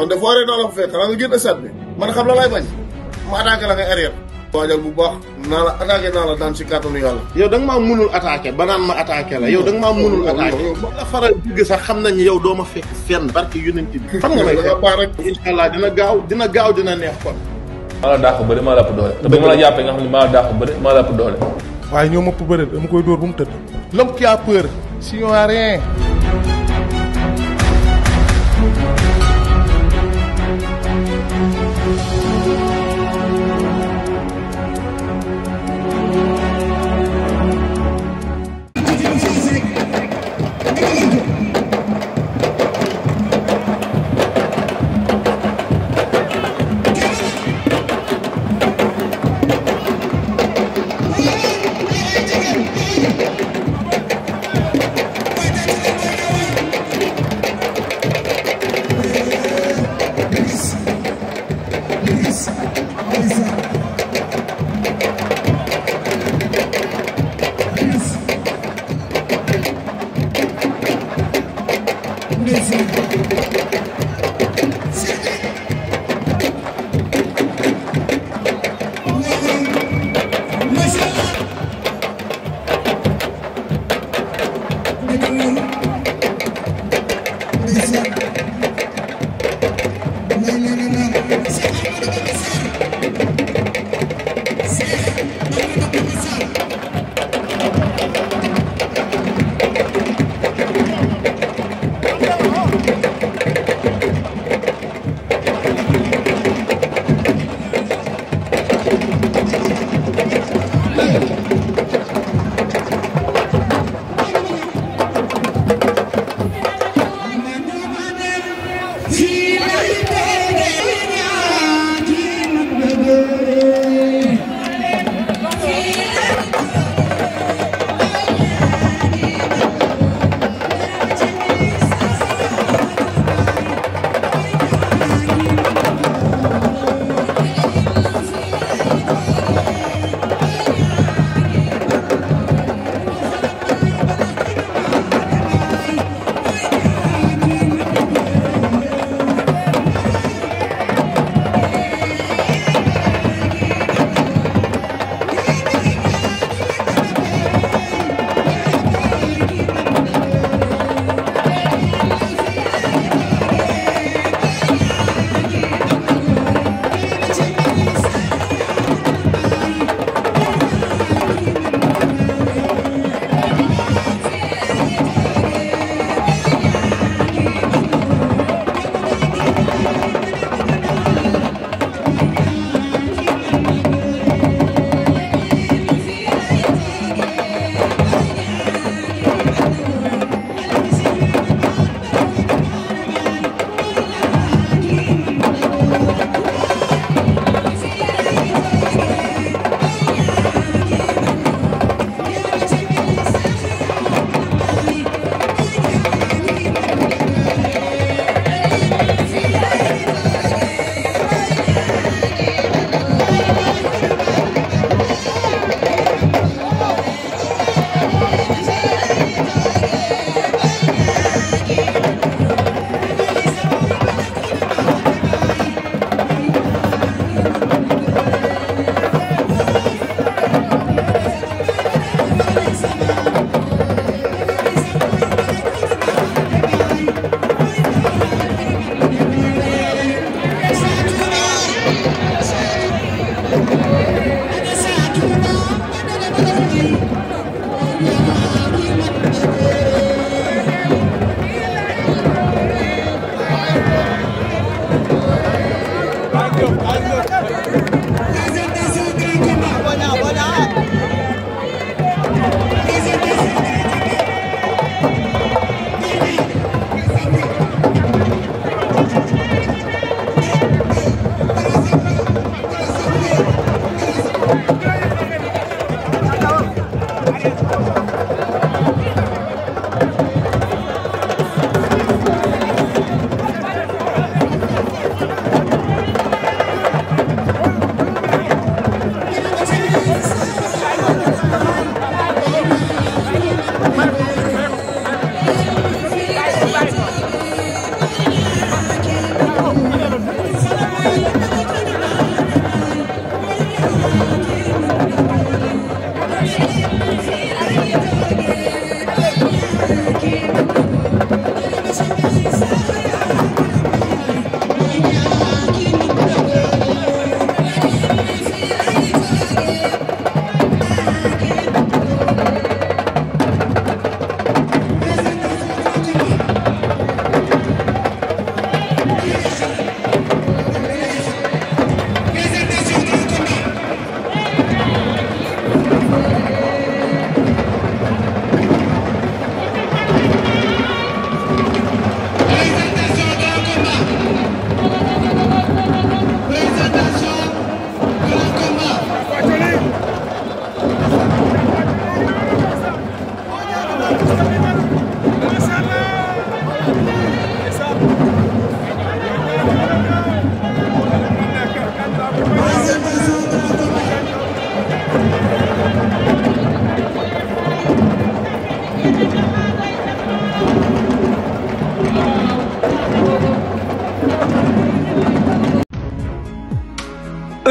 man da foore do la ko fekk xanaa nga génn set bi man xam la lay bañ ma attaqué la nga erreur wajal bu baax na la attaqué na la daan si kàttanu yalla yow da nga maa munul attaqué ba naan ma attaqué la yow da nga maa munul attaqué ba nga faral dugg sax xam nañ yow do ma fekk fenn barki yonent bi xam nga may baax rek incha dina gaaw dina gaaw dina neex kon maa la dàq bëri maa la ëpp doole te bi ma la jappé nga xam ne maa la dàq bëri maa la ëpp doole waaye ñoo mëpp beure dama koy door bu mu tedd l'homme qui a peur si on a rien Plaisir.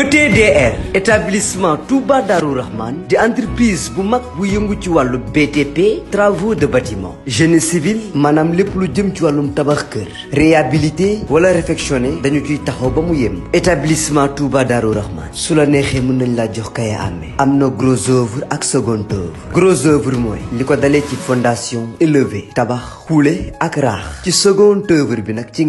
ETDR établissement Touba Darou Rahman di entreprise Boumak mag BTP travaux de bâtiment génie civil manam lépp lu jëm ci réhabilité wala réfectionné dañu ciy taxaw ba établissement Touba Darou Rahman su la neexee mën nañ laa jox gros œuvre ak second œuvre gros œuvre mooy le ko fondation élevée, tabakh houle, ak raax ci second œuvre bi nag ci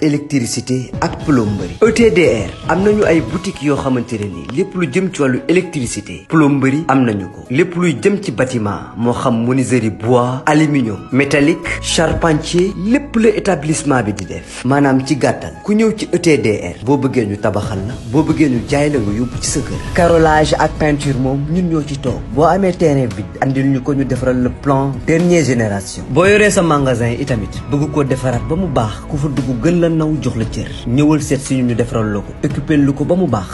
électricité ak plomberie ETDR amno nañu ay boutique yo xamante ne nii lu jëm ci walu électricité plomberie am nañu ko lepp luy jëm ci bâtiment mo xam menuiserie bois aluminium métallique charpentier lepp le établissement bi di def manam ci gàttal ku ñew ci ETDR bo bëgge ñu tabaxal la bo bëgge ñu jaay la nga yóbbu ci sa kër carrelage ak peinture moom ñun ñoo ci tok bo amé terrain bi andil ñu ko ñu defaral le plan dernière génération bo yoré sa magasin itamit bëgg ko defaraat ba mu baax ku fa dugg gën la naw jox la cër ñëwal seet si ñu defaral la ko lu ko ba mu baax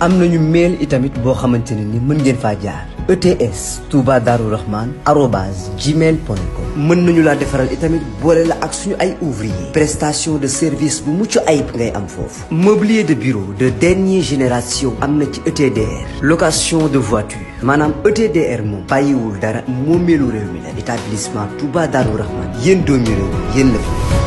am mail itamit boo xamante ne ni mën ngeen faa jaar ETS Touba Darou Rahman arrobas gmail point com mën nañu laa defaral itamit boole la ak suñu ay ouvrier prestation de service bu mucc ayib ngay am foofu mobilier de bureau de dernière génération am na ci ETDR location de voiture maanaam ETDR moom bàyyiwul dara moo meelu réew mi la établissement Touba Darou Rahman yéen doomi réew yéen la